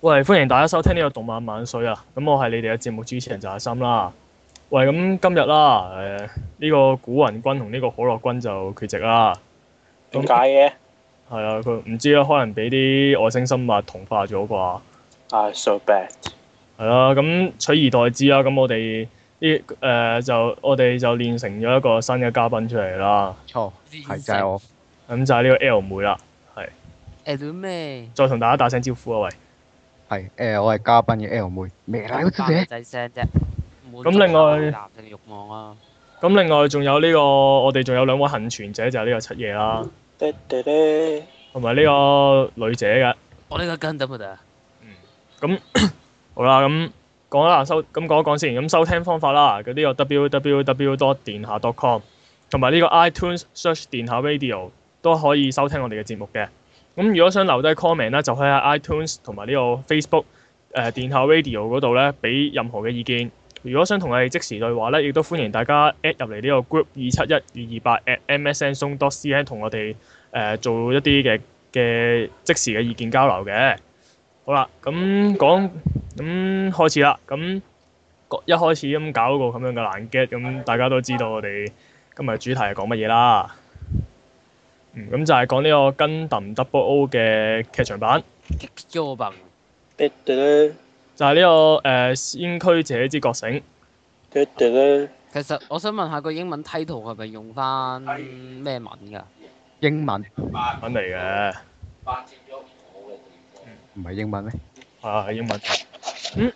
喂，歡迎大家收聽呢個動漫萬歲啊！咁、嗯、我係你哋嘅節目主持人就係阿心啦。喂，咁、嗯、今日啦，誒、呃、呢、這個古云君同呢個可樂君就缺席啦。點解嘅？係啊、嗯，佢唔知啊，可能俾啲外星生物同化咗啩。I'm、uh, so bad、嗯。係、嗯、咯，咁取而代之啊！咁、嗯、我哋呢，誒、呃，就我哋就練成咗一個新嘅嘉賓出嚟啦。好、哦、係、嗯、就係我。咁就係呢個 L 妹啦。係、嗯。誒，做、嗯、咩？再同大家打聲招呼啊！喂。係，誒、呃，我係嘉賓嘅 L 妹。咩嚟？男仔聲啫。咁另外，男性欲望啦。咁另外仲有呢、這個，我哋仲有兩位幸存者就係、是、呢個七爺啦。同埋呢個女姐嘅。我呢、哦這個跟得唔得？嗯。咁 好啦，咁講下收，咁講一講先，咁收聽方法啦，嗰、這、啲個 www. 電下 .com 同埋呢個 iTunes search 電下 Radio 都可以收聽我哋嘅節目嘅。咁如果想留低 comment 咧，就喺 iTunes 同埋呢個 Facebook 誒、呃、電下 radio 嗰度呢，俾任何嘅意見。如果想同我哋即時對話呢，亦都歡迎大家 at 入嚟呢個 group 二七一二二八 at MSN 松多 cn 同我哋誒、呃、做一啲嘅嘅即時嘅意見交流嘅。好啦，咁、嗯、講咁、嗯、開始啦，咁、嗯、一開始咁搞個咁樣嘅爛 gag，咁、嗯、大家都知道我哋今日主題係講乜嘢啦。嗯，咁就係講呢個《Gundam Double O》嘅劇場版。就係呢個誒先驅者之覺醒。其實我想問下個英文 title 係咪用翻咩文㗎？英文。文嚟嘅。唔係英文咩？啊，英文。嗯。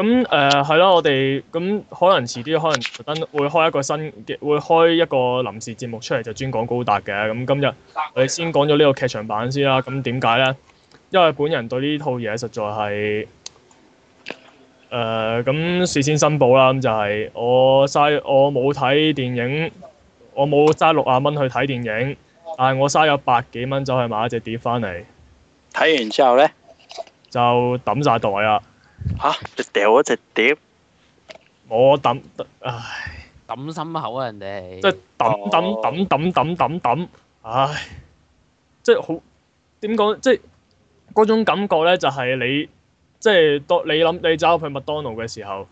咁誒係咯，我哋咁可能遲啲可能特登會開一個新嘅，會開一個臨時節目出嚟就專講高達嘅。咁今日我哋先講咗呢個劇場版先啦。咁點解呢？因為本人對呢套嘢實在係誒咁事先申報啦。咁就係我嘥我冇睇電影，我冇嘥六啊蚊去睇電影，但係我嘥咗百幾蚊走去買一隻碟翻嚟睇完之後呢，就揼晒袋啦。吓！你掉咗一隻碟，我抌，唉，抌心口啊，人哋即係抌抌抌抌抌抌抌，唉，即係好點講，即係嗰種感覺咧，就係你即係當你諗你走去去麥當勞嘅時候，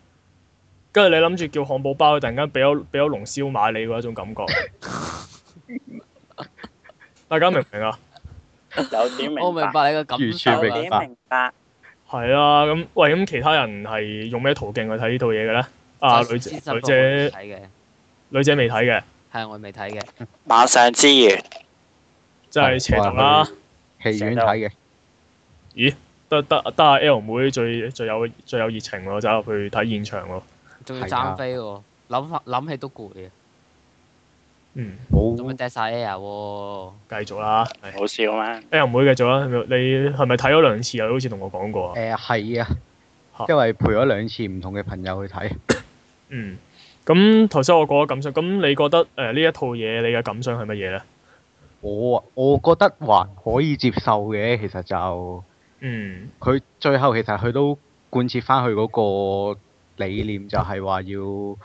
跟住你諗住叫漢堡包，突然間俾咗俾咗籠燒賣你嘅一種感覺， 大家明唔明啊？有點 明 我明白你嘅感受，明白。係啊，咁喂，咁其他人係用咩途徑去睇呢套嘢嘅咧？啊，女仔女仔睇嘅，女仔未睇嘅，係我未睇嘅。馬上之餘，即係邪同啦，戲、啊、院睇嘅。咦？得得得，阿 L 妹最最有最有熱情咯，走入去睇現場咯，仲要爭飛喎，諗諗起都攰啊！嗯，好，咁樣跌曬 Air 喎，繼續啦、欸，好笑咩 Air 唔會繼續啦，你係咪睇咗兩次啊？好似同我講過啊。誒係啊，因為陪咗兩次唔同嘅朋友去睇。嗯，咁頭先我講咗感想，咁你覺得誒呢、呃、一套嘢你嘅感想係乜嘢咧？我我覺得還可以接受嘅，其實就嗯，佢最後其實佢都貫徹翻佢嗰個理念，就係、是、話要誒、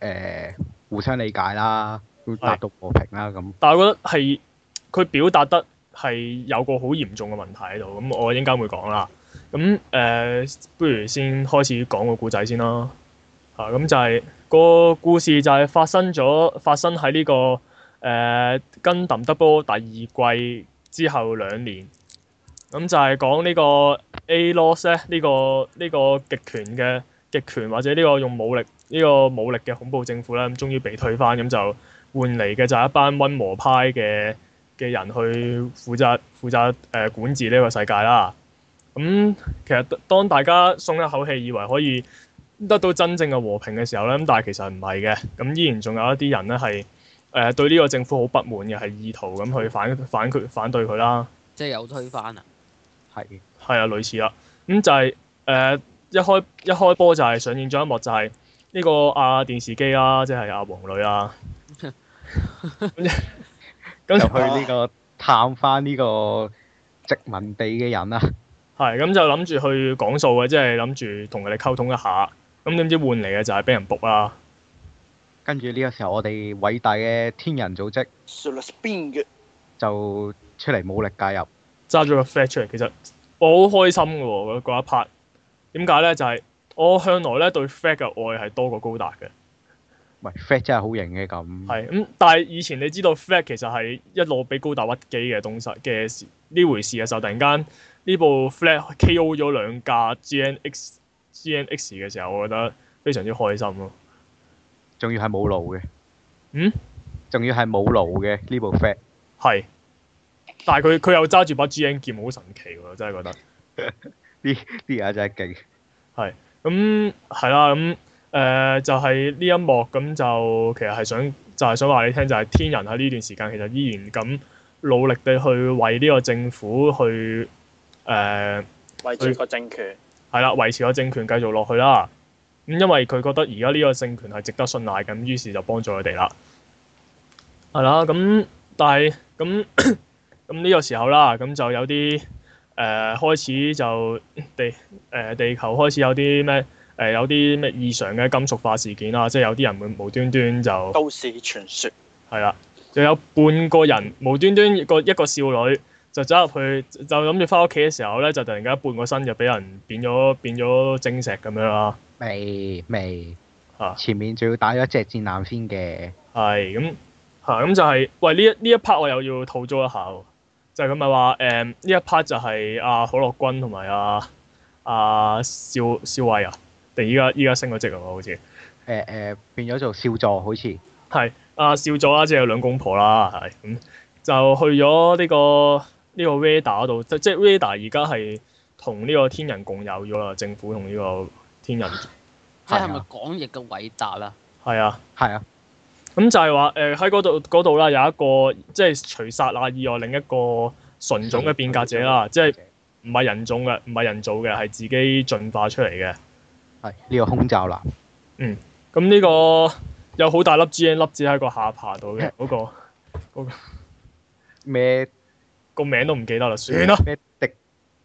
呃、互相理解啦。達到和平啦咁，但係我覺得係佢表達得係有個好嚴重嘅問題喺度，咁我應間會,會講啦。咁誒、呃，不如先開始講個故仔先啦。嚇、啊，咁就係、是那個故事就係發生咗，發生喺呢、這個誒《根特德波》o o 第二季之後兩年。咁就係講呢個 A Loss 咧，呢、這個呢、這個極權嘅極權或者呢個用武力。呢個武力嘅恐怖政府咧，咁終於被推翻，咁就換嚟嘅就係一班溫和派嘅嘅人去負責負責誒、呃、管治呢個世界啦。咁、嗯、其實當大家鬆一口氣，以為可以得到真正嘅和平嘅時候咧，咁但係其實唔係嘅。咁、嗯、依然仲有一啲人咧係誒對呢個政府好不滿嘅，係意圖咁去反反佢反對佢啦。即係有推翻啊？係係啊，類似啦。咁就係、是、誒、呃、一開一開，一開波就係上演咗一幕，就係、是。呢個啊電視機啊，即係阿王女啊，咁就去呢個探翻呢個殖民地嘅人啊。係咁就諗住去講數嘅，即係諗住同佢哋溝通一下。咁點知換嚟嘅就係俾人撲啦。跟住呢個時候，我哋偉大嘅天人組織就出嚟武力介入，揸咗個飛出嚟。其實我好開心嘅喎，嗰一 part 點解咧？就係。我向來咧，對 Flat 嘅愛係多過高達嘅。喂，Flat 真係好型嘅咁。係咁、嗯，但係以前你知道 Flat 其實係一路俾高達屈機嘅東西嘅呢回事嘅時候，突然間呢部 Flat K.O. 咗兩架 G.N.X. G.N.X. 嘅時候，我覺得非常之開心咯、啊。仲要係冇爐嘅。嗯？仲要係冇爐嘅呢部 Flat。係。但係佢佢又揸住把 G.N 劍，好神奇喎！真係覺得。啲啲人真係勁。係。咁係、嗯、啦，咁、嗯、誒就係、是、呢一幕，咁、嗯、就其實係想就係想話你聽，就係、是就是、天人喺呢段時間其實依然咁努力地去為呢個政府去誒維持個政權，係啦、嗯，維持個政權繼續落去啦。咁、嗯、因為佢覺得而家呢個政權係值得信賴，咁於是就幫助佢哋啦。係、嗯、啦，咁但係咁咁呢個時候啦，咁、嗯、就有啲。誒、呃、開始就地誒、呃、地球開始有啲咩誒有啲咩異常嘅金屬化事件啦，即係有啲人會無端端就都市傳說係啦，就有半個人無端端個一個少女就走入去，就諗住翻屋企嘅時候咧，就突然間半個身就俾人變咗變咗晶石咁樣啦。未未嚇，的前面仲要打咗一隻戰艦先嘅。係咁嚇，咁就係、是、喂呢一呢一 part 我又要吐槽一下喎。就咁咪話誒呢一 part 就係、是、阿、啊、可樂君同埋阿阿少少尉啊，定依家依家升咗職啊，啊了職了好似誒誒變咗做少佐好似。係阿、啊、少佐、就是、啦，即係有兩公婆啦，係、嗯、咁就去咗呢、這個呢、這個維達度，即係維達而家係同呢個天人共有咗啦，政府同呢個天人。係咪廣譯嘅偉達啊？係啊。係啊。咁就係話誒喺嗰度嗰度啦，呃、有一個即係除剎那以外另一個純種嘅變革者啦，即係唔係人種嘅，唔係人造嘅，係自己進化出嚟嘅。係呢、呢個空罩男。嗯。咁呢個有好大粒 G N 粒子喺個下巴度嘅嗰個咩、嗰個嗰個、麼個名都唔記得啦。算啦。迪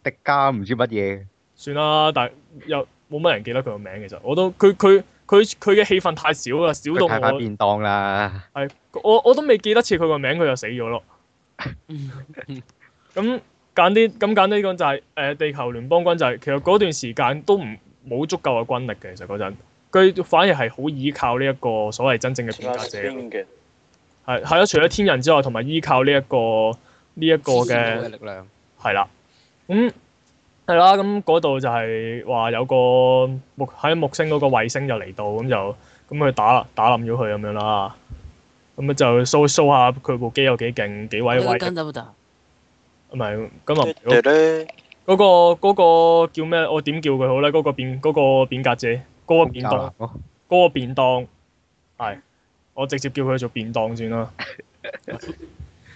迪加唔知乜嘢？算啦，但又冇乜人記得佢個名其實，我都佢佢。佢佢嘅戲份太少啦，少到我便當啦。係我我都未記得似佢個名，佢就死咗咯。 咁簡啲咁簡啲咁就係、是、誒、呃、地球聯邦軍就係、是、其實嗰段時間都唔冇足夠嘅軍力嘅，其實嗰陣佢反而係好依靠呢一個所謂真正嘅統治者係咯，除咗天人之外，同埋依靠呢、這、一個呢一、這個嘅力量係啦。係啦，咁嗰度就係話有個木喺木星嗰個衛星就嚟到，咁就咁佢打啦，打冧咗佢咁樣啦。咁咪就 show show 下佢部機有幾勁，幾威威。唔係，今日嗰個嗰個叫咩？我點叫佢好咧？嗰個變嗰個變革者，嗰個便當，嗰個便當，係 我直接叫佢做便當算啦。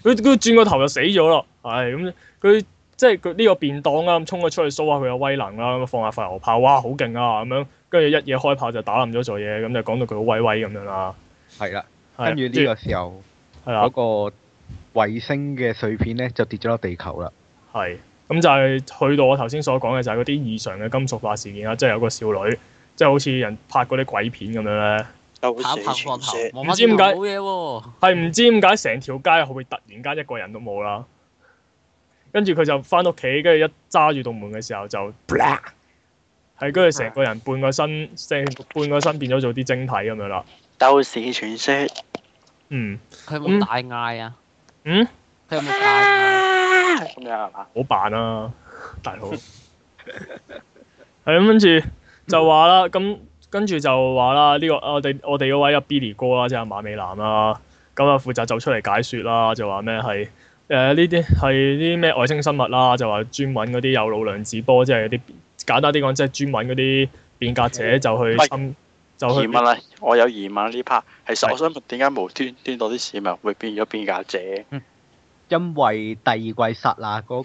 佢佢轉個頭就死咗咯，係咁佢。即係佢呢個便當啊，咁衝咗出去掃下佢嘅威能啦、啊，咁放下塊牛炮，哇，好勁啊咁樣，跟住一嘢開炮就打冧咗做嘢，咁就講到佢好威威咁樣啦、啊。係啦、啊，跟住呢個時候嗰、啊啊、個衛星嘅碎片咧就跌咗落地球啦。係，咁就係去到我頭先所講嘅，就係嗰啲異常嘅金屬化事件啦、啊。即係有個少女，即係好似人拍嗰啲鬼片咁樣咧，跑跑過頭，唔知點解嘢喎。係唔、啊、知點解成條街會突然間一個人都冇啦？跟住佢就翻屋企，跟住一揸住棟門嘅時候就，係跟住成個人半個身，成半個身變咗做啲晶體咁樣啦。鬥士傳説，嗯，佢有冇大嗌啊、 這個？嗯，佢有冇大嗌啊？咁樣係好扮啊，大佬。係咁跟住就話啦，咁跟住就話啦，呢個我哋我哋嗰位阿 Billy 哥啦，即係馬美男啦，今日負責走出嚟解説啦，就話咩係？誒，呢啲係啲咩外星生物啦？就話專揾嗰啲有腦量子波，即係啲簡單啲講，即係專揾嗰啲變革者就去侵，喂就去。疑問啦，我有疑問呢 part 係，其實我想問點解無端端到啲市民會變咗變革者，嗯？因為第二季殺啊嗰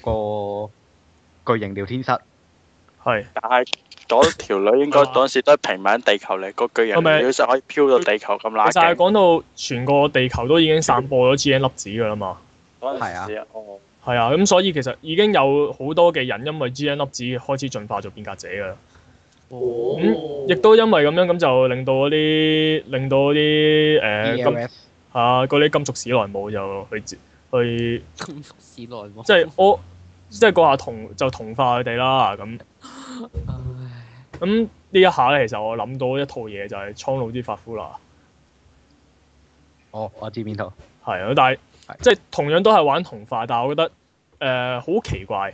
個巨型聊天室係，但係嗰條女應該當時都係平民地球嚟，個巨型聊天室可以飄到地球咁拉，嗯。其實係講到全個地球都已經散播咗 GN 粒子噶啦嘛。係啊，哦，係啊，咁所以其實已經有好多嘅人因為 GN 粒子開始進化做變革者噶啦。咁亦都因為咁樣，咁就令到嗰啲，令到嗰啲誒金啲金屬史萊姆就去接去。金屬史萊姆。即係我，即係嗰下同就同化佢哋啦咁。唉。咁呢一下咧，其實我諗到一套嘢就係蒼老啲法夫娜。哦，我知邊套。係啊，但係。即係同樣都係玩同化，但係我覺得誒好、呃、奇怪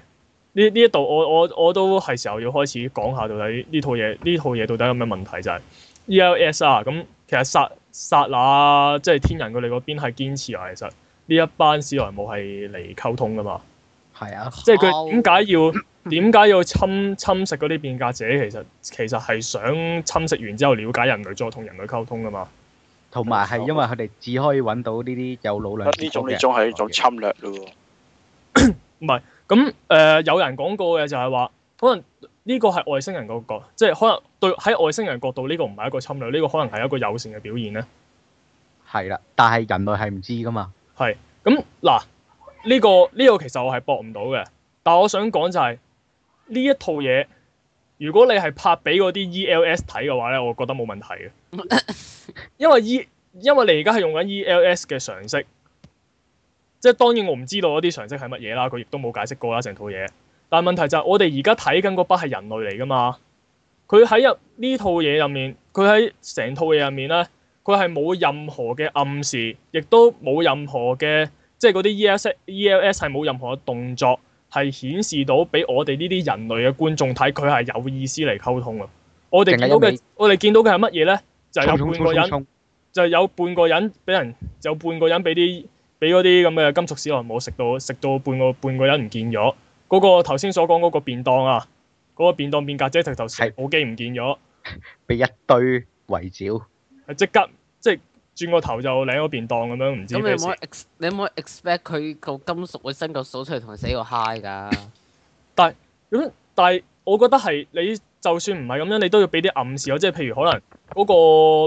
呢呢一度我我我都係時候要開始講下到底呢套嘢呢套嘢到底有咩問題就係、是、ELS 咁其實剎剎那即係天人佢哋嗰邊係堅持啊，其實呢一班史萊姆係嚟溝通噶嘛，係啊，即係佢點解要點解 要侵侵蝕嗰啲變革者？其實其實係想侵蝕完之後了解人類，再同人類溝通噶嘛。同埋係因為佢哋只可以揾到呢啲有腦量嘅人，呢種呢種係一種侵略咯。唔係，咁 誒、呃，有人講過嘅就係話，可能呢個係外星人嗰個，即、就、係、是、可能對喺外星人角度呢、這個唔係一個侵略，呢、這個可能係一個友善嘅表現咧。係啦，但係人類係唔知噶嘛。係，咁嗱，呢、這個呢、這個其實我係博唔到嘅，但係我想講就係、是、呢一套嘢。如果你係拍俾嗰啲 E.L.S 睇嘅話咧，我覺得冇問題嘅，因為 E 因為你而家係用緊 E.L.S 嘅常識，即係當然我唔知道嗰啲常識係乜嘢啦，佢亦都冇解釋過啦成套嘢。但係問題就係、是、我哋而家睇緊嗰筆係人類嚟㗎嘛？佢喺入呢套嘢入面，佢喺成套嘢入面咧，佢係冇任何嘅暗示，亦都冇任何嘅即係嗰啲 E.L.S.E.L.S 係冇任何嘅動作。係顯示到俾我哋呢啲人類嘅觀眾睇，佢係有意思嚟溝通啦。我哋見到嘅，我哋見到嘅係乜嘢咧？就係、係、有半個人，衝衝衝衝衝就係有半個人俾人，有半個人俾啲俾啲咁嘅金屬史萊姆食到食到半個半個人唔見咗。嗰、嗰個頭先所講嗰個便當啊，嗰、嗰個便當便格姐直頭食，我記唔見咗，俾一堆圍剿，即刻即。轉個頭就領個便當咁樣，唔知。你有冇 expect 佢個金屬會伸個手出嚟同佢死個 high 㗎？ 但係，但係我覺得係你就算唔係咁樣，你都要俾啲暗示咯。即係譬如可能嗰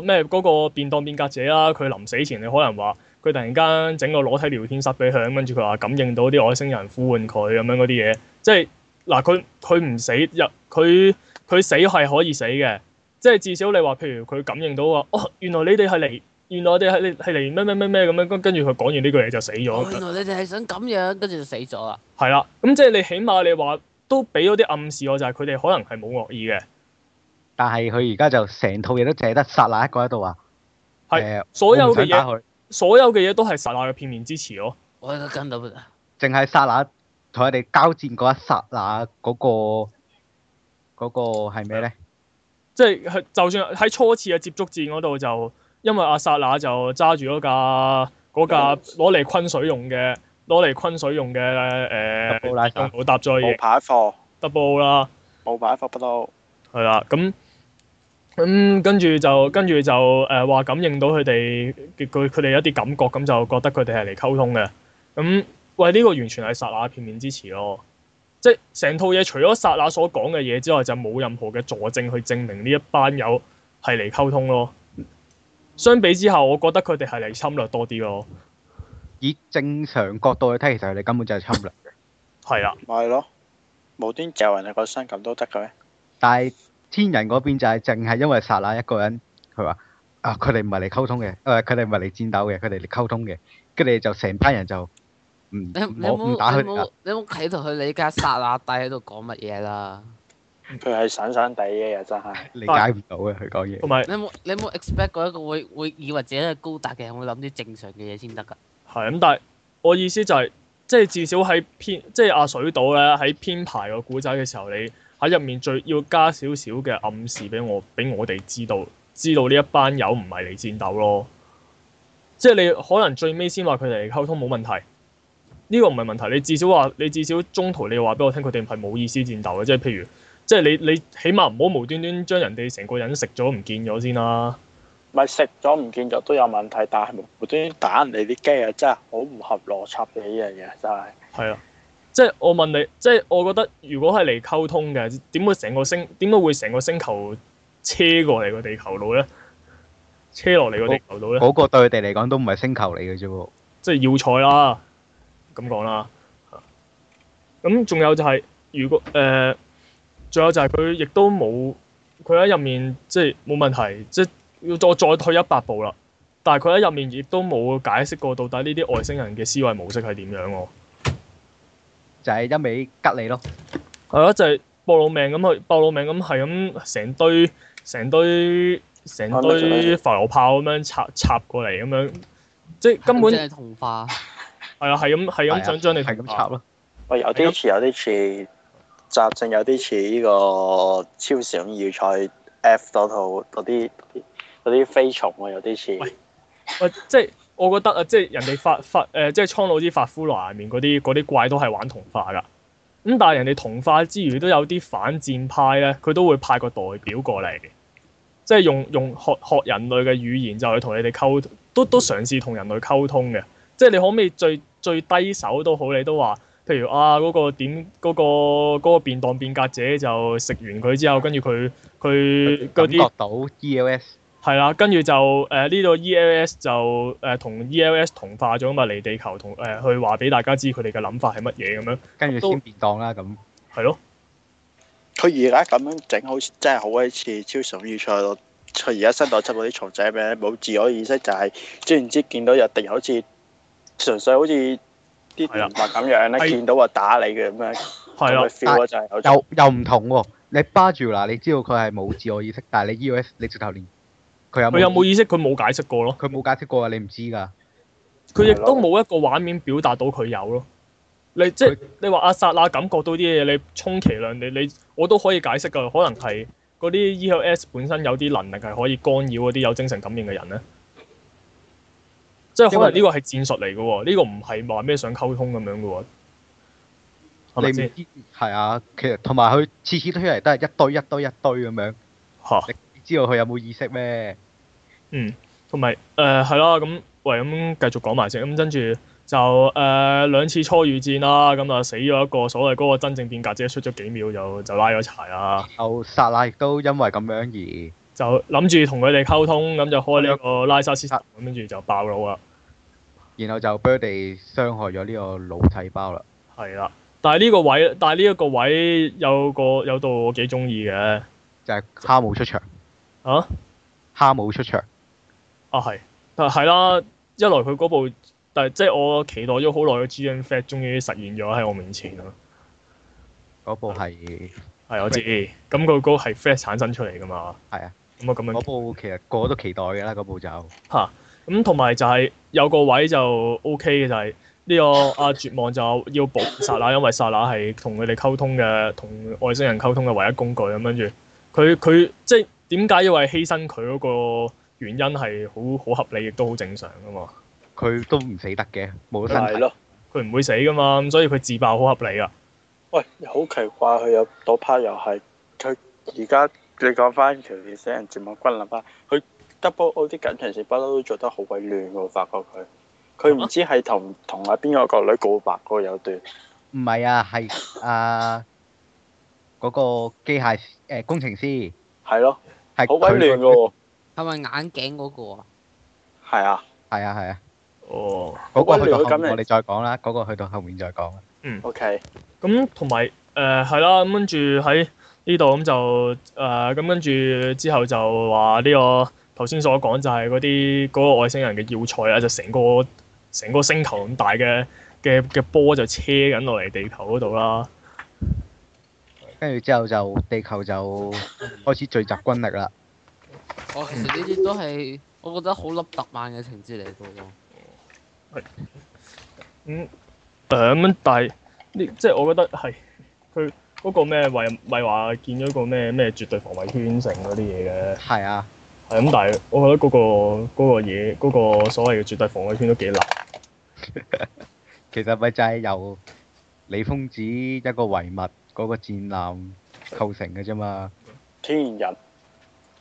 個咩嗰個便當變革者啦，佢臨死前你可能話佢突然間整個裸體聊天室俾佢，跟住佢話感應到啲外星人呼喚佢咁樣嗰啲嘢。即係嗱，佢佢唔死佢佢死係可以死嘅。即係至少你話譬如佢感應到話，哦，原來你哋係嚟。原來我哋係係嚟咩咩咩咩咁樣，跟跟住佢講完呢句嘢就死咗，哦。原來你哋係想咁樣，跟住就死咗啦。係啦，咁即係你起碼你話都俾咗啲暗示我，就係佢哋可能係冇惡意嘅。但係佢而家就成套嘢都淨係得沙娜一個喺度啊！係是，呃、所有嘅嘢，所有嘅嘢都係沙娜嘅片面之詞咯。我跟到，淨係沙娜同佢哋交戰嗰一剎那嗰、嗰個嗰、嗰個係咩咧？即係係，就，是，就算喺初次嘅接觸戰嗰度就。因為阿薩那就揸住嗰架架攞嚟昆水用嘅，攞嚟昆水用嘅誒，冇搭載嘢，冇派貨，double 啦，冇派貨 double 啦冇派貨不嬲，u 係啦，咁咁跟住就跟住就誒話、呃、感應到佢哋，佢哋有啲感覺，咁就覺得佢哋係嚟溝通嘅。咁、嗯、喂，呢、這個完全係薩那片面之詞咯。即係成套嘢，除咗薩那所講嘅嘢之外，就冇任何嘅佐證去證明呢一班友係嚟溝通咯。相比之下，我覺得佢哋係嚟侵略多啲咯。以正常角度去睇，其實佢哋根本就係侵略嘅。係啊，咪咯，無端端搞人哋嚟過山咁都得嘅咩？但係天人嗰邊就係淨係因為剎那一個人，佢話啊，佢哋唔係嚟溝通嘅，誒，佢哋唔係嚟戰鬥嘅，佢哋嚟溝通嘅，跟住就成班人就唔我唔打佢哋。你冇睇到佢理解剎那帝喺度講乜嘢啦？佢係散散地嘅，真係理解唔到嘅。佢講嘢。唔係你有冇 你有冇 expect 過一個會會以為自己係高達嘅人會諗啲正常嘅嘢先得㗎？係咁，但係我意思就係、是、即係至少喺編即係阿水島咧，喺編排個古仔嘅時候，你喺入面最要加少少嘅暗示俾我俾我哋知道，知道呢一班友唔係嚟戰鬥咯。即係你可能最尾先話佢哋嚟溝通冇問題，呢、這個唔係問題。你至少話你至少中途你話俾我聽，佢哋係冇意思戰鬥嘅，即係譬如。即係你，你起碼唔好無端端將人哋成個人食咗唔見咗先啦。唔係食咗唔見咗都有問題，但係無，無端端打人哋啲機啊，真係好唔合邏輯嘅呢樣嘢，真係係啊。即係我問你，即係我覺得如果係嚟溝通嘅，點會成個星，點解會成個星球車過嚟個地球度咧？車落嚟個地球度咧？嗰、嗰個對佢哋嚟講都唔係星球嚟嘅啫，即係要菜啦。咁講啦。咁仲有就係、是、如果誒。呃仲有就係佢亦都冇，佢喺入面即係冇問題，即係要再再退一百步啦。但係佢喺入面亦都冇解釋過到底呢啲外星人嘅思維模式係點樣喎、啊？就係一味吉你咯，係咯，就係搏老命咁去，搏老命咁係咁成堆、成堆、成堆浮油炮咁樣插插過嚟咁樣，即係根本係、 啊、同化，係啊、 哦，係咁係咁想將你係咁插咯，我有啲似有啲似。習性有啲似呢個超時空要塞 F 嗰套嗰啲啲飛蟲啊，有啲似。我、呃、即係我覺得啊，即係人哋發發誒、呃，即係蒼穹啲發夫羅入面嗰啲啲怪都係玩同化噶。咁但係人哋同化之餘都有啲反戰派咧，佢都會派個代表過嚟嘅。即係用用學學人類嘅語言，就去同你哋溝通，都都嘗試同人類溝通嘅。即係你可唔可以最最低手都好，你都話？譬如啊，嗰、那個點嗰、那個嗰、那個、便當變革者就食完佢之後，跟住佢佢嗰啲。到 E.L.S. 係啦，跟住就誒呢個 E.L.S. 就誒同 E.L.S. 同化咗嘛，嚟地球同誒去話俾大家知佢哋嘅諗法係乜嘢咁樣。跟住先便當啦咁。係咯。佢而家咁樣整好似真係好鬼似超常異才咯。佢而家新代出嗰啲蟲仔咩冇自我意識就係、是，忽然之間見到有敵人好似純粹好似。啲人物咁樣咧，是見到我打你嘅咁樣，咁嘅 feel 就係又又唔同喎。你巴住嗱，你知道佢係冇自我意識，但係你 E.O.S. 你直頭連佢有冇有冇意識，佢冇解釋過咯。佢冇解釋過啊！你唔知㗎。佢亦都冇一個畫面表達到佢有咯。的你即係你話阿薩拉感覺到啲嘢，你充其量你你我都可以解釋㗎。可能係嗰啲 E.O.S. 本身有啲能力係可以干擾嗰啲有精神感染嘅人咧。即係可能呢個係戰術嚟嘅喎，呢、這個唔係話咩想溝通咁樣嘅喎，係咪先？係吧啊，其實同埋佢次次推嚟都係一堆一堆一堆咁樣，嚇哈！你知道佢有冇意識咩？嗯，同埋誒係啦，咁、呃啊、喂，咁繼續講埋先，咁跟住就誒、呃、兩次初遇戰啦、啊，咁啊死咗一個所謂嗰個真正變革者，出咗幾秒就就拉咗柴啦。阿、哦、薩拉亦都因為咁樣而就諗住同佢哋溝通，咁就開呢個拉薩斯，斯，跟住、啊、就爆腦啦。然後就俾佢哋傷害咗呢個腦細胞啦。係啦、啊，但係呢個位，但係呢一個位有個有度我幾中意嘅，就係哈姆出場。啊？哈姆出場。啊係，但係係啦，一來佢嗰部，但係即係我期待咗好耐嘅 G N Fat 終於實現咗喺我面前咯。嗰部係係我知，咁佢嗰係 Fat 產生出嚟噶嘛？係啊。咁啊，咁樣。嗰部其實個個都期待嘅啦，嗰部就吓。啊咁同埋就係有個位就 O K 嘅就係呢個啊，絕望就要補撒那，因為撒那係同佢哋溝通嘅，同外星人溝通嘅唯一工具。咁跟住佢佢即係點解要為犧牲佢嗰個原因係好好合理亦都好正常噶嘛，佢都唔死得嘅，冇身體咯，佢唔會死噶嘛，咁所以佢自爆好合理啊。喂，好奇怪佢有多 part 又係佢，而家你講翻條外星人絕望軍啦，佢。Double，嗰啲感情線不嬲都做得好鬼亂嘅喎，發覺佢佢唔知係同同啊邊個個女告白嗰有段，唔係啊，係啊嗰個機械誒工程師，係咯，係好鬼亂嘅喎，係咪眼鏡嗰個啊？係啊，係啊，係啊，哦，嗰個去到後面，我哋再講啦。嗰個去到後面再講。嗯，OK。咁同埋誒係啦，咁跟住喺呢度咁就誒咁跟住之後就話呢個。頭先所講就係嗰啲嗰個外星人嘅要塞啊，就成個成個星球咁大嘅嘅嘅波就車緊落嚟，地球嗰度啦，跟住之後就地球就開始聚集軍力啦。 哦，其實呢啲都係我覺得好凹凸曼嘅情節嚟噶。係咁、啊嗯、但係呢即係我覺得係佢嗰個咩為咪話建咗個咩咩絕對防衛圈成嗰啲嘢嘅。係啊。咁、嗯，但係我覺得嗰、那個嗰、那個嘢，嗰、那個所謂嘅絕對防衞圈都幾難。 其實咪就係由李公子一個遺物嗰個戰艦構成嘅啫嘛。天人。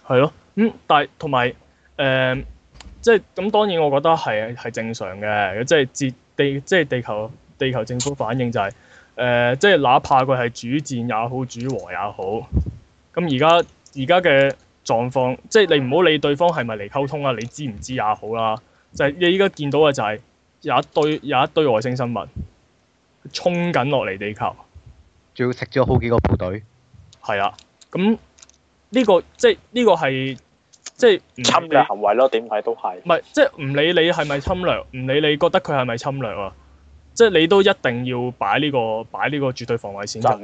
係咯。嗯。但係同埋誒，即係咁當然，我覺得係係正常嘅。即、就、係、是、地，即、就、係、是、地球地球政府反應就係、是、誒，即、呃、係、就是、哪怕佢係主戰也好，主和也好。咁而家而家嘅狀況，即係你唔好理對方係咪嚟溝通啊，你知唔知也好啦。就係你依家見到嘅就係有一堆有一堆外星生物衝緊落嚟地球，仲要食咗好幾個部隊。係啊，咁呢個即係呢個係即係侵略行為咯，點解都係。唔係即係唔理你係咪侵略，唔理你覺得佢係咪侵略啊，即係你都一定要擺呢個擺呢個絕對防衞線咯，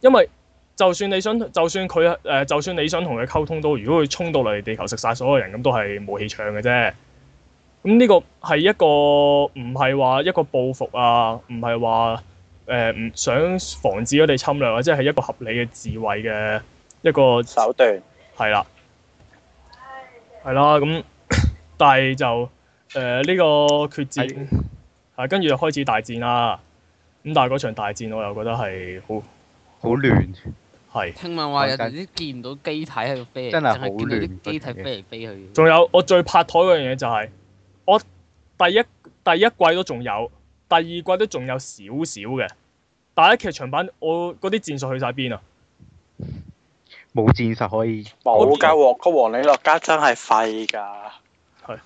的因為。就算你想，就算佢誒、呃，就算你想同佢溝通到，如果佢衝到落嚟地球食晒所有人，咁都係冇戲唱嘅啫。咁、這、呢個係一個唔係話一個報復啊，唔係話誒唔想防止咗你侵略啊，即係一個合理嘅自衛嘅一個手段。係啦對，係啦，咁、嗯、但係就誒呢、呃這個決戰，係跟住就開始大戰啦。咁但係嗰場大戰，我又覺得係好好亂。係聽聞話有啲見唔到機體喺度飛，淨係見到啲機體飛嚟飛去。仲有我最拍台嗰樣嘢就係、是、我第一第一季都仲有，第二季都仲有少少嘅。但係劇場版我嗰啲戰術去晒邊啊？冇戰術可以。冇噶的，個黃磊樂家真係廢噶。係，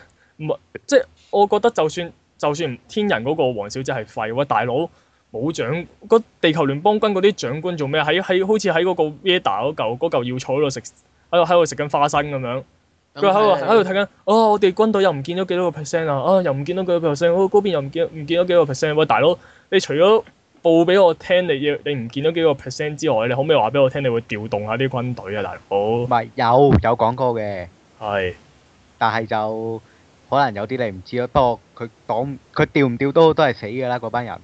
唔係即係我覺得就算就算天人嗰個黃小姐係廢喎，大佬。冇長個地球聯邦軍嗰啲長官做咩？喺喺好似喺嗰個 Veda 嗰嚿嗰嚿藥草嗰度食喺度喺度食緊花生咁樣，佢喺度喺度睇緊。哦，我哋軍隊又唔見咗幾多個 percent 啊！啊、哦，又唔見咗幾多 percent？哦，嗰邊又唔見唔見咗幾個 percent？喂，大佬，你除咗報俾我聽你，你你唔見咗幾個 percent 之外，你可唔可以話俾我聽，你會調動下啲軍隊啊？大佬，唔係有有講過嘅係，是但係就可能有啲你唔知咯。不過佢黨佢調唔調都都係死㗎啦，嗰班人。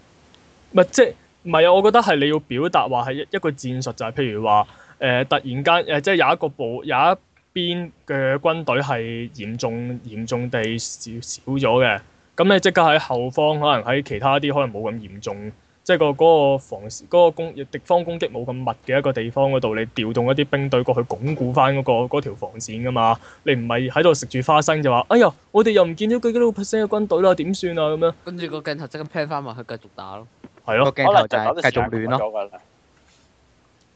唔係即係唔係啊！我覺得係你要表達話係一一個戰術就係，譬如話誒，突然間誒，即係有一個部有一邊嘅軍隊係嚴重嚴重地少少咗嘅。咁你即刻喺後方，可能喺其他啲可能冇咁嚴重，即係個嗰個防嗰個攻敵方攻擊冇咁密嘅一個地方嗰度，你調動一啲兵隊過去鞏固翻嗰個嗰條防線㗎嘛。你唔係喺度食住花生就話：哎呀，我哋又唔見咗佢幾多個 percent 嘅軍隊啦，點算啊？咁樣跟住個鏡頭即刻劈翻埋去繼續打咯。係咯，鏡頭就係繼續亂咯。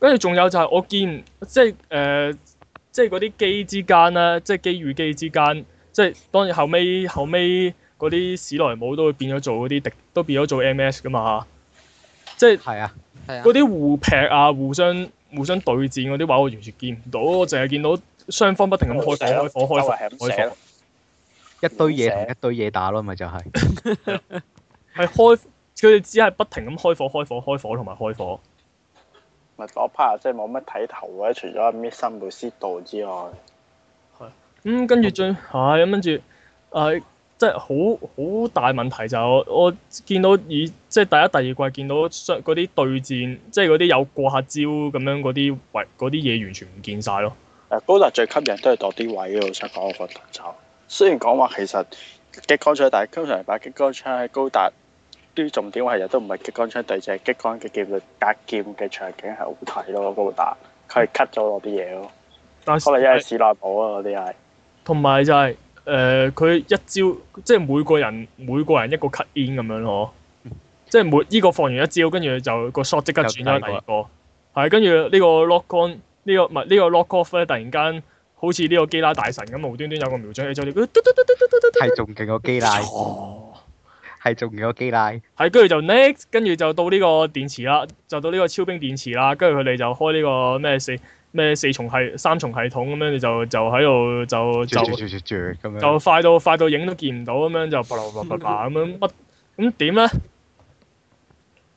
跟住仲有就係我見，即係誒，即係嗰啲機之間啦，即係機與機之間，即係當然後尾後尾嗰啲史萊姆都會變咗做嗰啲敵，都變咗做 MS 噶嘛。即係係啊，嗰啲互劈啊，互相互相對戰嗰啲話，我完全見唔到，我淨係見到雙方不停咁開火、開火、開火、開火，一堆嘢同一堆嘢打咯，咪就係係 開。佢哋只係不停咁開火、開火、開火同埋開火。唔係嗰 part 即係冇乜睇頭嘅，除咗咩新布斯道之外，係咁跟住進係咁跟住，係、嗯哎哎、即係好好大問題就我，我見到以即係第一、第二季見到嗰啲對戰，即係嗰啲有過客招咁樣嗰啲位嗰啲嘢完全唔見晒咯。誒，高達最吸引都係度啲位嗰度，所以我覺得就雖然講話其實激光槍，但係通常嚟把激光槍喺高達。啲重點我係日都唔係激光槍對正激光嘅劍嘅格劍嘅場景係好睇咯，嗰個打佢係 cut 咗落啲嘢咯，可能有啲史立堡啊，嗰啲係。同埋就係誒，佢一招即係每個人每個人一個 cut in 咁樣咯，即係每呢個放完一招，跟住就個 shot 即刻轉咗第二個。係跟住呢個 lock on，呢個唔係呢個 lock off 咧，突然間好似呢個基拉大神咁無端端有個瞄準器咗，你。係仲勁過基拉。係仲有幾耐？係跟住就 next，跟住就到呢個電池啦，就到呢個超冰電池啦。跟住佢哋就開呢個咩四咩四重係三重系統咁樣，就就喺度就就就就快到快到影都見唔到咁樣，就啪啦啪啦啪啦咁樣乜咁點咧？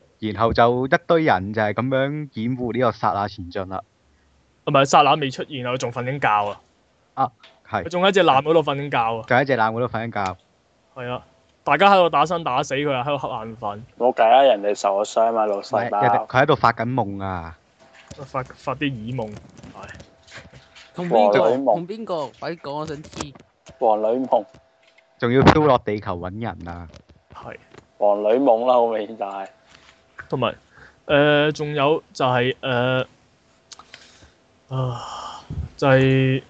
然後就一堆人就係咁樣掩護呢個剎那前進啦。唔係剎那未出現啊，仲瞓緊覺啊。啊係。佢仲喺隻籃嗰度瞓緊覺啊。仲喺隻籃嗰度瞓緊覺。係啊。大家喺度打生打死佢啊，喺度瞌眼瞓。冇計啊，人哋受咗傷嘛，老細打。佢喺度發緊夢啊！發發啲耳夢。係。同邊個？同邊個？快啲講，我想知。黃女夢。仲要飄落地球揾人啊！係。黃女夢啦，好明顯就係。同埋，誒，仲有就係，誒，啊，就係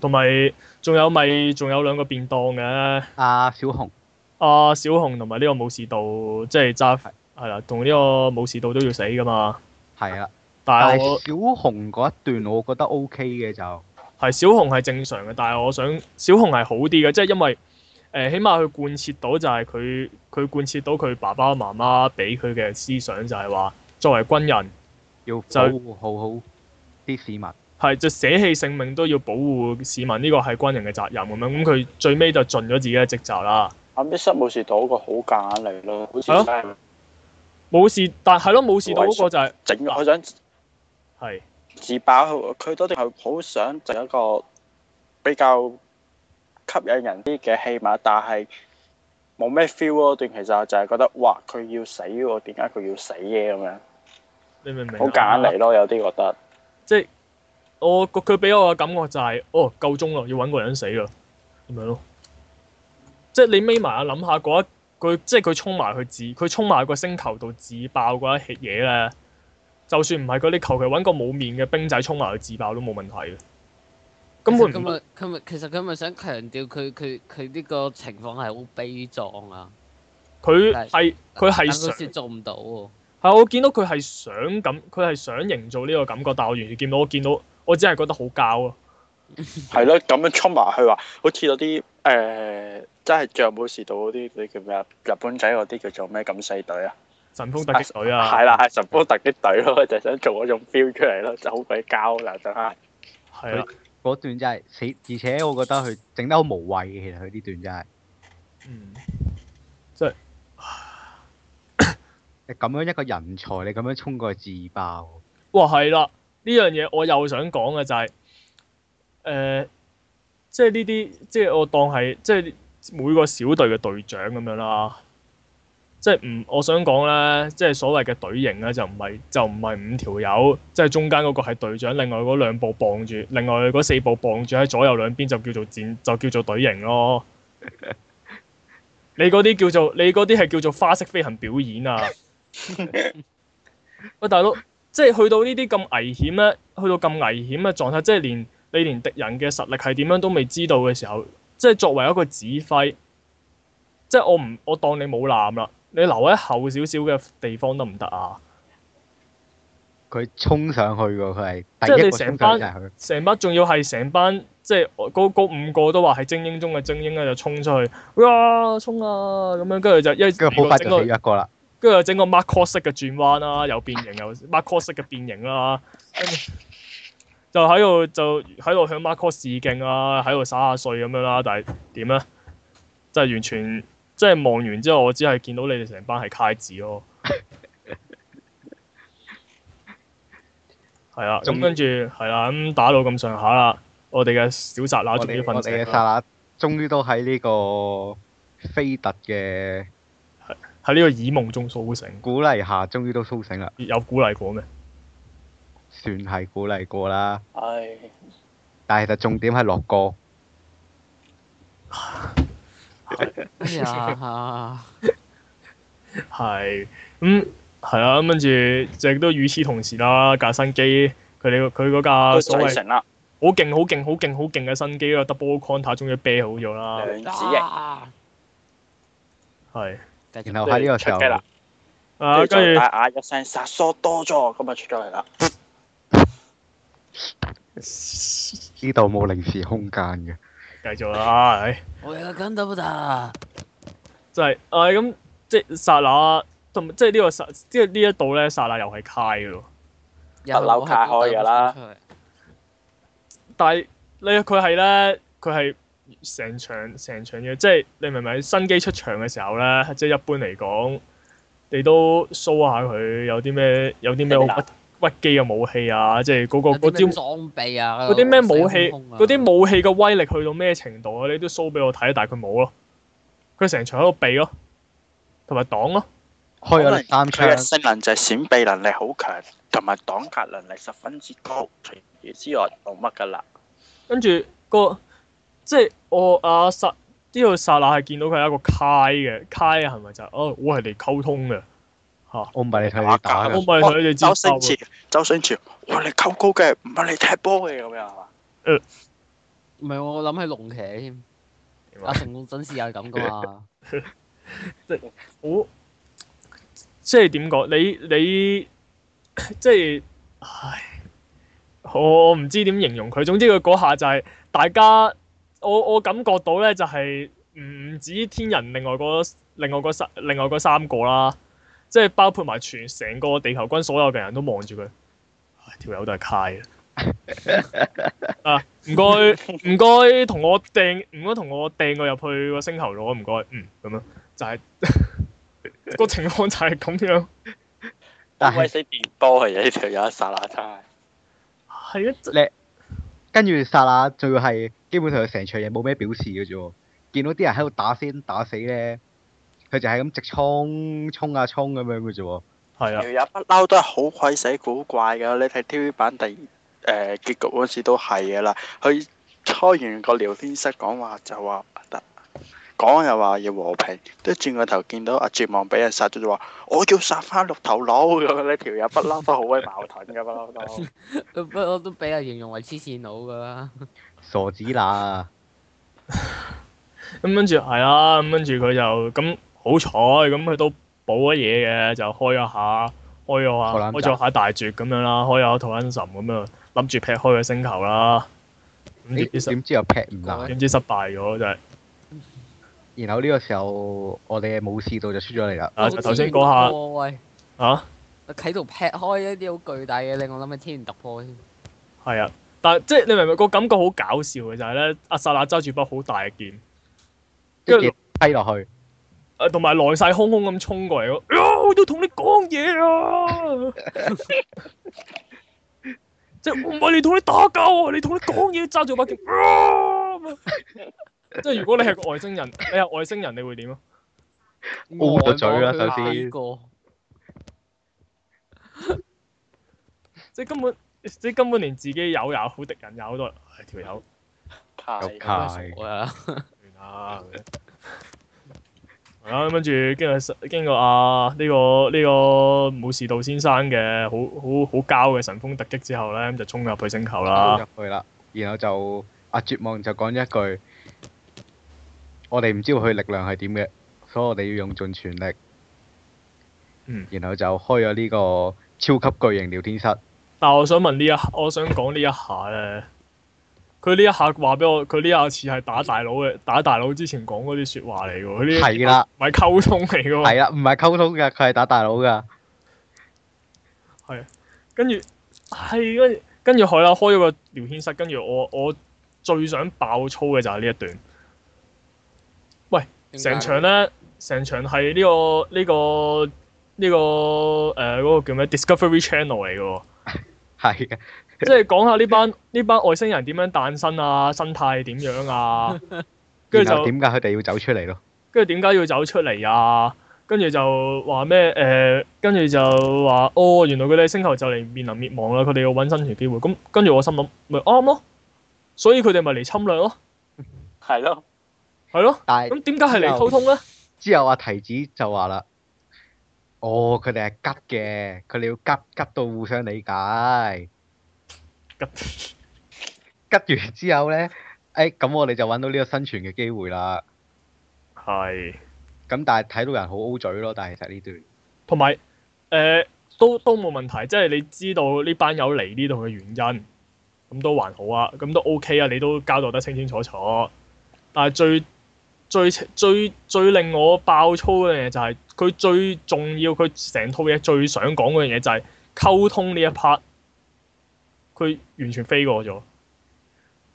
同埋。仲有咪仲有兩個便當嘅？阿、啊、小紅，阿、啊、小紅同埋呢個武士道，即係揸係啦，同呢的個武士道都要死噶嘛。係啊的，但係小紅嗰一段我覺得 OK 嘅就係小紅係正常嘅，但係我想小紅係好啲嘅，即、就、係、是、因為誒、呃、起碼佢貫徹到就係佢佢貫徹到佢爸爸媽媽俾佢嘅思想就係、是、話作為軍人要保護好好啲市民。係就捨棄性命都要保護市民，呢個係軍人嘅責任咁樣。咁佢最尾就盡咗自己嘅職責啦。阿 Bishop 冇事到，個好夾硬嚟咯。冇事，但係咯冇事到嗰個就係整佢想係自爆。佢佢嗰段係好想整是一個比較吸引人啲嘅戲碼，但係冇咩 feel 段，其實就係覺得哇，佢要死喎？點解佢要死嘅？」咁樣？你明唔明？好夾硬嚟咯，有啲覺得即係。哦、我佢、佢俾我嘅感覺就係，係，哦夠鐘啦，要揾個人死啦，咁樣咯。即係你眯埋啊，諗下嗰一佢，即係佢衝埋去自佢衝埋個星球度自爆嗰一嘢咧。就算唔係佢，你求其揾個冇面嘅兵仔衝埋去自爆都冇問題嘅。咁佢咪佢咪其實佢咪想強調佢佢佢呢個情況係好悲壯啊。佢係佢係想做唔到喎，啊。係我見到佢係想咁，佢係想營造呢個感覺，但係我完全見到我見到。我真係覺得好膠咯，係咯咁樣衝埋去話，好似嗰啲誒，真係像武士道嗰啲你叫咩啊？日本仔嗰啲叫做咩咁細隊啊？神風突擊隊啊，係啦係神風突擊隊咯，就係想做嗰種 feel 出嚟咯，就好鬼膠噶，就係。係啦的，嗰段真係死，而且我覺得佢整得好無謂嘅，其實佢呢段真係。嗯，即係你咁樣一個人才，你咁樣衝過去自爆，哇係啦。呢樣嘢我又想講嘅就係、是，誒、呃，即係呢啲，即係我當係即係每個小隊嘅隊長咁樣啦。即係唔，我想講咧，即係所謂嘅隊形咧，就唔係就唔係五條友，即係中間嗰個係隊長，另外嗰兩部綁住，另外嗰四部綁住喺左右兩邊，就叫做戰，就叫做隊形咯。 你嗰啲叫做，你嗰啲係叫做花式飛行表演啊！喂、 啊，大佬。即係去到呢啲咁危險咧，去到咁危險嘅狀態，即係連你連敵人嘅實力係點樣都未知道嘅時候，即係作為一個指揮，即係我唔我當你冇攬啦，你留喺後少少嘅地方得唔得啊？佢衝上去㗎，佢係即係你成班，成班仲要係成班，即係嗰五個都話係精英中嘅精英咧，就衝出去，哇衝啊咁樣，跟住就，好快就一個步法就死一個啦。跟住整個 Macross 式嘅轉彎啦，又變形又 Macross 式嘅變形啦，跟住就喺度就喺度向 Macross 示鏡啊，喺度撒下水咁樣啦，但係點咧？即係、完全即係望完之後，我只係見到你哋成班係楷子咯。係啊 了，咁跟住係啦，咁打到咁上下啦，我哋嘅小撒拉瞓醒嘅撒拉，終於們都喺呢個飛突嘅，喺呢個耳夢中甦醒，鼓勵下，終於都甦醒啦！有鼓勵過咩？算係鼓勵過啦。唉是，但係其實重點係落歌。咩、 嗯、啊？係咁係啦，跟住就都與此同時啦。架新機，佢哋佢嗰架所謂好勁、好勁、好勁、好勁嘅新機啦，Double Counter 終於啤好咗啦。梁子翼係。突然我喺呢個時候，啊，跟住嗌一聲殺梭多咗，咁啊出咗嚟啦！呢度冇零時空間嘅，繼續啦，哎、我而家跟到唔得，就係誒咁即係剎那同即係呢個剎，即係呢一度咧剎那又係開嘅咯，一樓開開噶啦，但係呢，佢係咧佢係。成場成場嘅，即係你明唔明？新機出場嘅時候咧，即係一般嚟講，你都 show 下佢有啲咩有啲咩麼屈屈機嘅武器啊，即係嗰、嗰個嗰招裝備啊，嗰啲咩武器，嗰啲、啊、武器嘅威力去到咩程度啊？你都 show 俾我睇，但係佢冇咯，佢成場喺度避咯，同埋擋咯。可，可能單槍嘅性能就閃避能力好強，同埋擋格能力十分之高。除之外冇乜噶啦。跟住、嗰個。即係我阿霎呢個剎那係見到佢係一個契嘅，契係咪就係、哦？我係嚟溝通嘅，吓、啊、我唔係嚟睇你打我唔係佢哋周星馳，周星馳，我嚟溝溝嘅，唔係嚟踢波嘅咁樣係嘛、啊？唔係我諗起龍騎添，阿成龍真係咁噶嘛？即係我即係點講？你你即係唉，我唔知點形容佢。總之佢嗰下就係大家。大家 我我感覺到咧就係唔止天人另，另外個另外三另外三個啦，即係包括埋全成個地球軍所有嘅人都望住佢，條友、這個、都係㗎嘅。 啊，唔該唔該，同我掟唔該同我掟我入去個星球度，唔該，嗯，咁樣就係個情況就係咁樣。就是、 樣但係死電波係啊，條友一剎那真係啊，你。跟住霎下，仲要係基本上成場嘢冇咩表示嘅啫喎，見到啲人喺度打先打死咧，佢就係咁直，直衝衝啊衝咁、啊、樣嘅啫喎。係啊，條友不嬲都係好鬼死古怪嘅，你睇 TV 版第誒、呃、結局嗰時都係嘅啦，佢初完個聊天室講話就話。講又話要和平，一轉個頭見到阿絕望俾人殺咗，就話我要殺翻六頭佬咁樣，呢條友不嬲都好鬼矛盾噶嘛，不我都俾人形容為黐線佬噶啦， 傻子啦，咁 跟住係啦，咁跟住佢就咁好彩，咁佢都補咗嘢嘅，就開咗下，開咗下，開咗下大絕咁樣啦，開咗套蘭臣咁啊，諗住劈開個星球啦，點知又劈唔到點知失敗咗真係。 然後呢個時候我哋嘅武士道就出咗嚟啦。了了啊，頭先講下。喂。啊？喺度，啊、劈開一啲好巨大嘅，令我諗住天然突破先。係啊，但係即係你明唔明，那個感覺好搞笑嘅就係、是、咧，阿沙拿揸住把好大嘅劍，跟住劈落去。誒、啊，同埋來勢洶洶咁衝過嚟咯，哎。我都同你講嘢啊！ 即係唔係你同你打交啊？你同你講嘢，揸住把劍。啊 即係如果你係個外星人，你係外星人，你會點啊？烏咗、呃、嘴啦，首先。即係根本，即係根本連自己友也好、啊，敵人也好都條友。有卡。係 啦、嗯。係啦，跟住經過，經過阿、啊、呢、這個呢、這個武士道先生嘅好好好交嘅神風突擊之後咧，咁就衝入去星球啦。入去啦，然後就阿、啊、絕望就講一句。我哋唔知道佢力量係點嘅，所以我哋要用盡全力。然後就開咗呢個超級巨型聊天室。嗯，但係我想問呢一下，我想講呢一下咧，佢呢一下話俾我，佢呢下似係打大佬嘅，打大佬之前講嗰啲說話嚟噶。係啦。唔係溝通嚟噶。係啦，唔係溝通噶，佢係打大佬噶。係。跟住係跟住，跟住佢啦開咗個聊天室，跟住我我最想爆粗嘅就係呢一段。成場咧，成場係呢、個呢、個呢、這個誒嗰、呃嗰個叫咩 Discovery Channel 嚟嘅，係嘅 ologie，即係講下呢班呢班外星人點樣誕生啊，生態點樣啊，跟住 就點解佢哋要走出嚟咯？跟住點解要走出嚟啊？跟住、啊、就話咩誒？跟、呃、住就話哦，原來佢哋星球就嚟面臨滅亡啦，佢哋要揾生存機會、right?。咁跟住我心諗，咪啱咯，所以佢哋咪嚟侵略咯，係咯。週 asion 係囉，但係咁點解係嚟溝通咧？之後阿提子就話啦：哦，佢哋係急嘅，佢哋要急急到互相理解。急急急完之後咧，誒，哎，咁我哋就揾到呢個生存嘅機會啦。係係，咁但係睇到人好 O 嘴咯，但係其實呢段同埋誒都都冇問題，即係你知道呢班友嚟呢度嘅原因，咁都還好啊，咁都 OK 啊，你都交代得清清楚楚，但係最，最最最令我爆粗嘅嘢就係、是、佢最重要，佢成套嘢最想講嗰樣嘢就係、是、溝通呢一 part，佢完全飛過咗。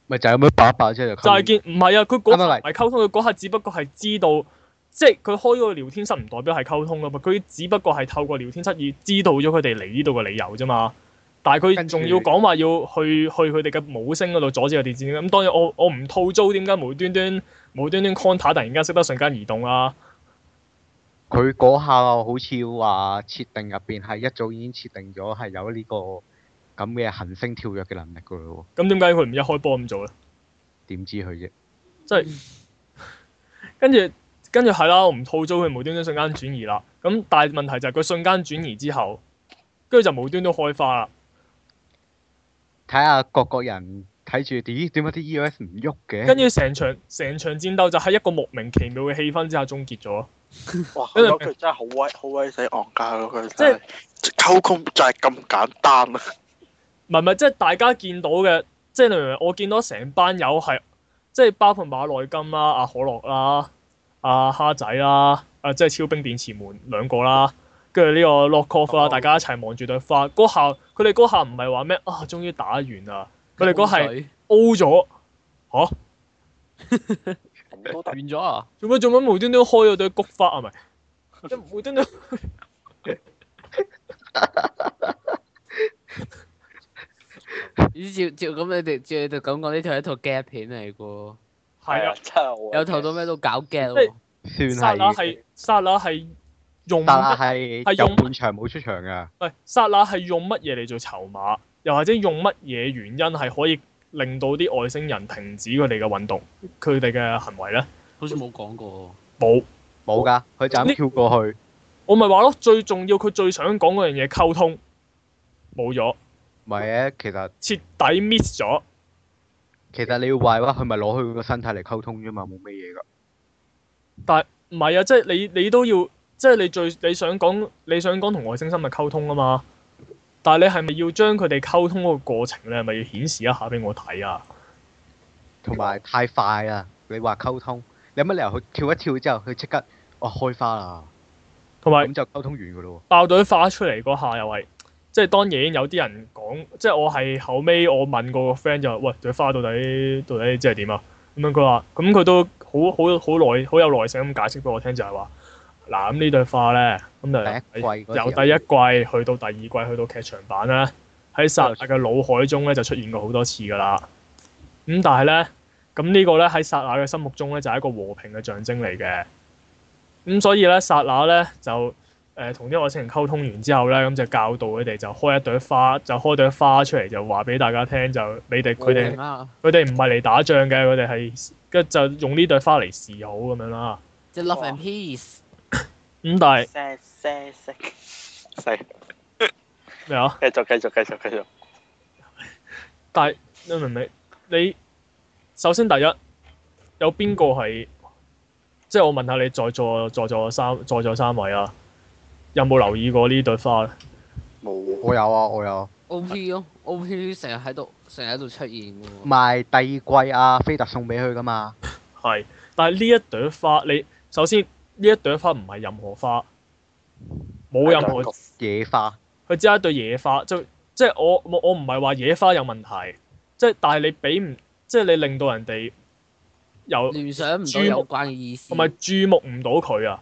咪就係咁樣擺一擺即係就。就係、就是、見唔係啊？佢嗰唔係溝通佢嗰刻，只不過係知道，即係佢開個聊天室唔代表係溝通噶嘛。佢只不過係透過聊天室而知道咗佢哋嚟呢度嘅理由啫嘛。但係佢仲要講話要去去佢哋嘅母星嗰度阻止個電戰咁，當然我我唔套租，點解無端端無端端 count 塔突然間識得瞬間移動啦、啊？佢嗰下好似話設定入邊係一早已經設定咗係有呢、呢個咁嘅行星跳躍嘅能力噶喎。咁點解佢唔一開波咁做咧？點知佢啫，即係 跟住跟住係啦，我唔套租佢無端端瞬間轉移啦。咁但係問題就係佢瞬間轉移之後，跟住就無端端，端開花啦。睇下各個人睇住，咦，點解啲 E.O.S 唔喐嘅？跟住成場成場戰鬥就喺一個莫名其妙嘅氣氛之下終結咗。 為哇！佢真係好威，好威死戇家咯！佢、就是、即係溝空就係咁簡單啦、啊。唔係唔係，即、就、係、是、大家見到嘅，即係例如我見到成班友係，即、就、係、是、包括馬內金啦、啊、阿可樂啦、啊、阿、啊、蝦仔啦、啊、啊即係、就是、超兵電池門兩個啦。嗯跟住呢個 lock off 啦， 大家一齊望住朵花。嗰下佢哋嗰下唔係話咩啊？終於打完啦！佢哋嗰係 O 咗嚇，完咗啊？做咩做咩無端端開咗朵菊花啊？咪無端端？咦，照照咁你哋照你哋感覺呢套係一套 gap 片嚟噶？係啊，有頭到尾都搞 gap 喎、啊，係。沙拉係，沙拉係。 用但係係用半場冇出場噶。喂，撒拉係用乜嘢嚟做籌碼？又或者用乜嘢原因係可以令到啲外星人停止佢哋嘅運動，佢哋嘅行為咧？好似冇講過，冇冇噶，佢就咁跳過去。我咪話咯，最重要佢最想講嗰樣嘢溝通冇咗，唔係啊，其實徹底 miss 咗。其實你要壞話佢咪攞佢個身體嚟溝通啫嘛，冇乜嘢噶。但唔係啊，即係你你，你都要。即係你最你想講你想講同外星生物溝通啊嘛？但係你係咪要將佢哋溝通嗰個過程咧？係咪要顯示一下俾我睇啊？同埋太快啊！你話溝通，你有乜理由佢跳一跳之後，佢即刻哇、哦、開花啦？同埋咁就溝通完㗎咯喎！爆朵花出嚟嗰下又係即係當然有啲人講，即係我係後尾我問過個 friend 就話：喂，朵花到底到底即係點啊？咁樣佢話：咁佢都好好好耐好有耐性咁解釋俾我聽就，就係話。嗱咁呢朵花咧，咁就由第一季去到第二季，去到劇場版啦。喺剎那嘅腦海中咧就出現過好多次噶啦。咁但係咧，咁、這、呢個咧喺剎那嘅心目中咧就係一個和平嘅象徵嚟嘅。咁所以咧，剎那咧就誒同啲外星人溝通完之後咧，咁就教導佢哋就開一朵花，就開一朵花出嚟，就話俾大家聽就你哋佢哋佢哋唔係嚟打仗嘅，佢哋係跟就用呢朵花嚟示好咁樣啦，即係 Love and Peace。咁但係，咩啊？ 繼續繼續繼續繼續。 但係你明唔明？你首先第一，有邊個係？嗯、即係我問下你，在座在座三在座三位啊，有冇留意過呢朵花咧？冇。我有啊，我有。O P 咯，O P 成日喺度，成日喺度出現喎。咪第二季阿菲特送俾佢噶嘛？係。 但係呢一朵花，你首先。呢一朵花唔係任何花，冇任何野花。佢只係一朵野花，就即係我我唔係話野花有問題，即係但係你俾唔即係你令到人哋有聯想唔到有關嘅意思，同埋注目唔到佢啊！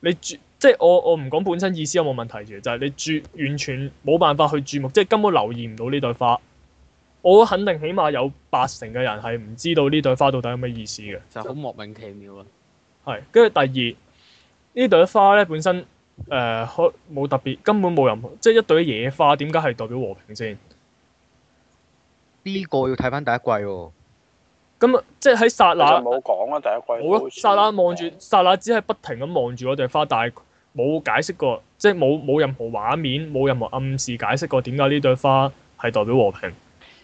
你注即係我我唔講本身意思有冇問題住，就係、是、你注完全冇辦法去注目，即係根本留意唔到呢朵花。我肯定起碼有八成嘅人係唔知道呢朵花到底有咩意思嘅，就好莫名其妙啊。係，跟住第二呢朵花咧，本身誒開冇特別，根本冇任何即係一對野花，點解係代表和平先？呢個要睇翻第一季喎、哦。咁、嗯、即係喺剎那冇講啊。第一季冇咯，剎那望住剎那只係不停咁望住嗰對花，但係冇解釋過，即係冇冇任何畫面，冇任何暗示解釋過點解呢朵花係代表和平。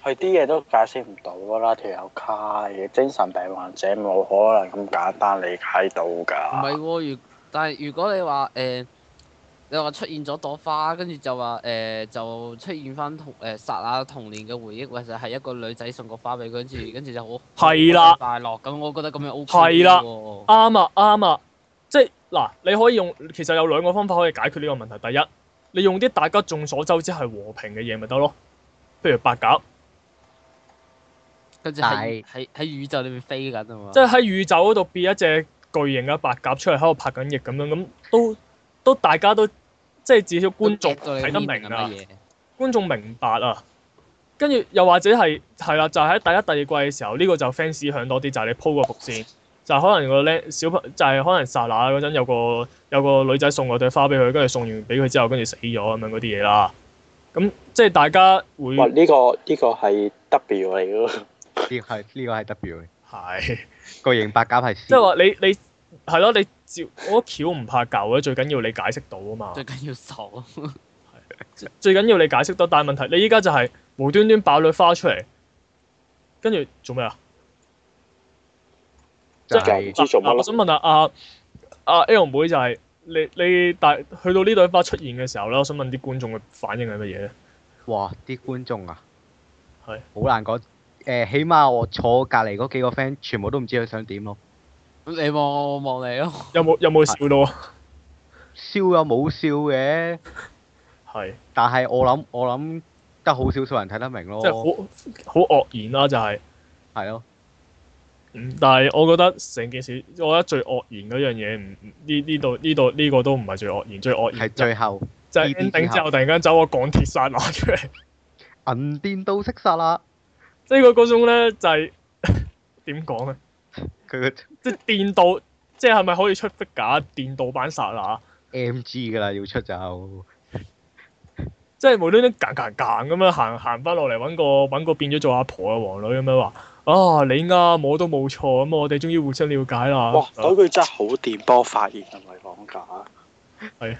佢啲嘢都解釋唔到噶啦，條友卡嘅精神病患者冇可能咁簡單理解到噶。唔係喎，如但係如果你話誒、呃，你話出現咗朵花，跟住就話誒、呃、就出現翻同誒、呃、殺下童年嘅回憶，或者係一個女仔送個花俾佢，跟住跟住就好大了樂。咁我覺得咁樣 OK 係啦，啱啊啱啊，即係嗱，你可以用其實有兩個方法可以解決呢個問題。第一，你用啲大家眾所周知係和平嘅嘢咪得咯，譬如白鴿。跟住喺喺宇宙裏面飛緊即係喺宇宙嗰度變一隻巨型嘅白鴿出嚟喺度拍緊翼咁樣，咁都都大家都即係至少觀眾睇得明啦。觀眾明白啊！跟住、啊、又或者係係啦，就喺、是、第一、第二季嘅時候，呢、這個就 fans 響多啲，就係、是、你鋪個伏線，就係、是、可能個僆小朋，就係、是、可能霎那嗰陣有個有個女仔送咗對花俾佢，跟住送完俾佢之後，跟住死咗咁樣嗰啲嘢啦。咁即係大家會，呢、這個呢、這個係 W 嚟嘅。呢係呢個係 W，係個型八甲係 C，即係話你你係咯，你照我橋唔怕舊嘅。最緊要你解釋到啊嘛，最緊要熟是，係 最緊要你解釋到。但係問題你依家就係無端端爆咗花出嚟，跟住、就是啊、做咩啊？我想問下阿阿 L 妹就係、是、你你，但去到呢朵花出現嘅時候咧，我想問啲觀眾嘅反應係乜嘢咧？哇！啲觀眾啊，係好是難講。誒，起碼我坐隔籬嗰幾個 friend 全部都唔知佢想點咯。你望我，我望你咯。有冇有冇笑到啊？笑啊， 冇笑嘅是。係。但係我諗我諗得好少少人睇得明咯。即係好好愕然啦、啊，就係、是。係咯、 就是。但係我覺得成件事，我覺得最愕然嗰樣嘢，唔呢呢度呢度呢個都唔係最愕然。最愕然係最後，就 ending 之後突然間走個港鐵殺攞出嚟，銀 電都識殺啦。即係佢嗰種咧，就係點講咧？佢 即係電鍍，即係係咪可以出 figure 電鍍版殺乸 M G 噶啦，要出 即無無就即係無端端夾夾夾咁樣行行翻落嚟，揾個揾個變咗做阿婆嘅王女咁樣話。啊，你啱，啊，我都冇錯，咁，嗯，我哋終於互相了解啦。哇！水真係好電，幫我發現係咪講假？係。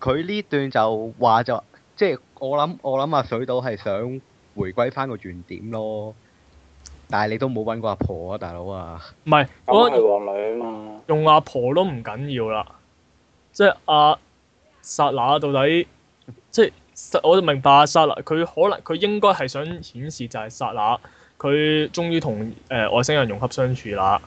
佢呢是 段就話就即係我諗我諗啊，水島係想。回歸翻個原點咯，但係你都冇揾過阿婆啊，大佬啊！唔係我女啊嘛，用阿婆都唔緊要啦。即係阿剎那到底，即係我就明白阿剎那，佢可能佢應該係想顯示就係剎那，佢終於同誒、呃、外星人融合相處啦。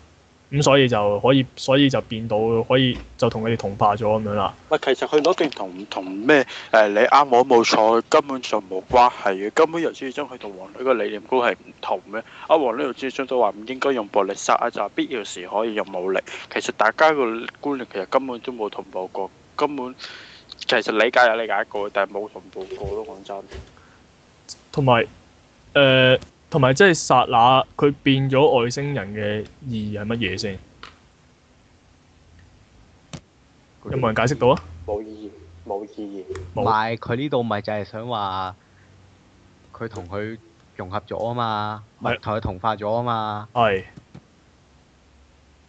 咁、嗯、所以就可以，所以就變到可以就同佢哋同化咗咁樣啦。唔其實佢攞定同同咩誒？你啱我冇錯，根本就冇關係嘅，根本由始至終佢同黃磊個理念觀係唔同嘅。阿黃磊由始至終都話唔應該用暴力殺啊，就係、是、必要時可以用武力。其實大家個觀念其實根本都冇同步過，根本其實理解有理解過，但係冇同步過咯。講真。同埋誒。呃同埋即係剎那佢變咗外星人嘅意義係乜嘢先？有冇人解釋到啊？冇意義，冇意義。唔係，佢呢度咪就係想話佢同佢融合咗啊嘛，係同佢同化咗啊嘛。係是，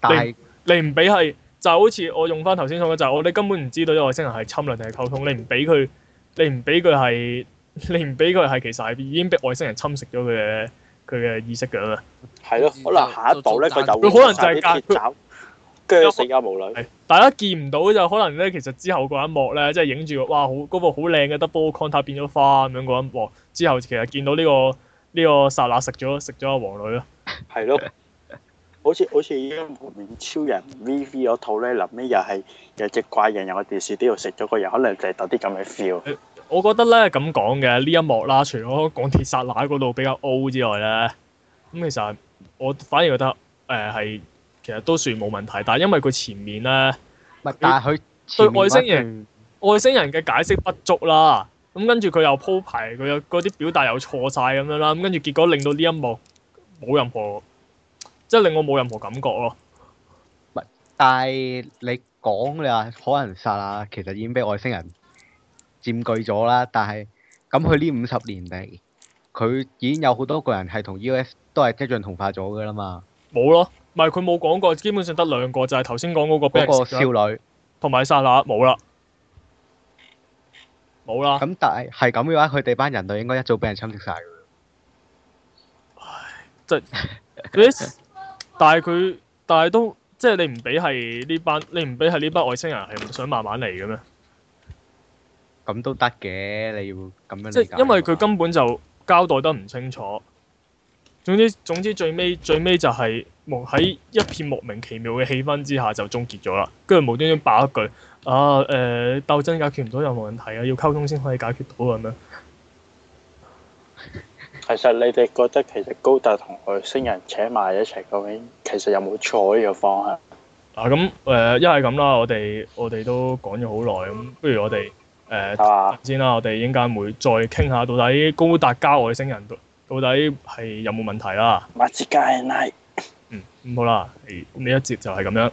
但係是你唔俾係，就是、好似我用翻頭先講嘅就係、是、我哋根本唔知道啲外星人係侵略定係溝通，你唔俾佢，你唔俾佢係。你唔俾佢係，其實已經俾外星人侵蝕咗佢嘅佢嘅意識㗎啦。係咯， 可能下一步咧佢就佢、 就是、可能就係夾佢死阿無女。大家見唔到就可能咧，其實之後嗰一幕咧，即係影住哇好嗰部好靚嘅 Double Contact 變咗花咁樣嗰一幕。之後其實見到呢、呢個呢、呢個薩那食咗食咗阿王女咯。係咯的， 好似好似而家《超人 V V》嗰套咧，臨尾又係有隻怪人由電視啲度食咗個人，可能就係有啲咁嘅 feel。 我覺得咧，咁講嘅呢一幕啦，除咗講鐵沙奶嗰度比較 O 之外咧，咁其實我反而覺得誒、係、呃、其實都算冇問題，但係因為佢前面咧，但係佢對外星人外星人嘅解釋不足啦，咁跟住佢又鋪排佢有嗰啲表達又錯晒咁樣啦，咁跟住結果令到呢一幕冇任何，即係令我冇任何感覺咯。但係你講你話可能沙拉其實已經俾外星人。佔據咗啦，但係咁佢呢五十年嚟，佢已經有好多個人係同 U.S. 都係激進同化咗嘅啦嘛。冇咯，唔係佢冇講過，基本上得兩個就係頭先講嗰個。嗰個少女同埋薩拉冇啦，冇啦。咁但係係咁嘅話，佢哋班人就應該一早俾人侵略曬嘅。即係 U.S.，但係佢，但係都即係你唔俾係呢班，你唔俾係呢班外星人係想慢慢嚟嘅咩？咁都得嘅，你要咁樣理解。即係因為佢根本就交代得唔清楚。總之總之最，最尾最尾就係莫喺一片莫名其妙嘅氣氛之下就終結咗啦。跟住無端端爆一句啊！誒、呃，鬥爭解決唔到任何問題啊，要溝通先可以解決到咁樣。 其實你哋覺得其實高達同外星人扯埋一齊究竟其實有冇錯呢個方向？啊，咁誒，一係咁啦，我哋我哋都講咗好耐，咁不如我哋。誒先啦，我哋英家會再傾下，到底高達加外星人到底係有冇問題啦，啊。嗯，好啦，呢一節就係咁樣。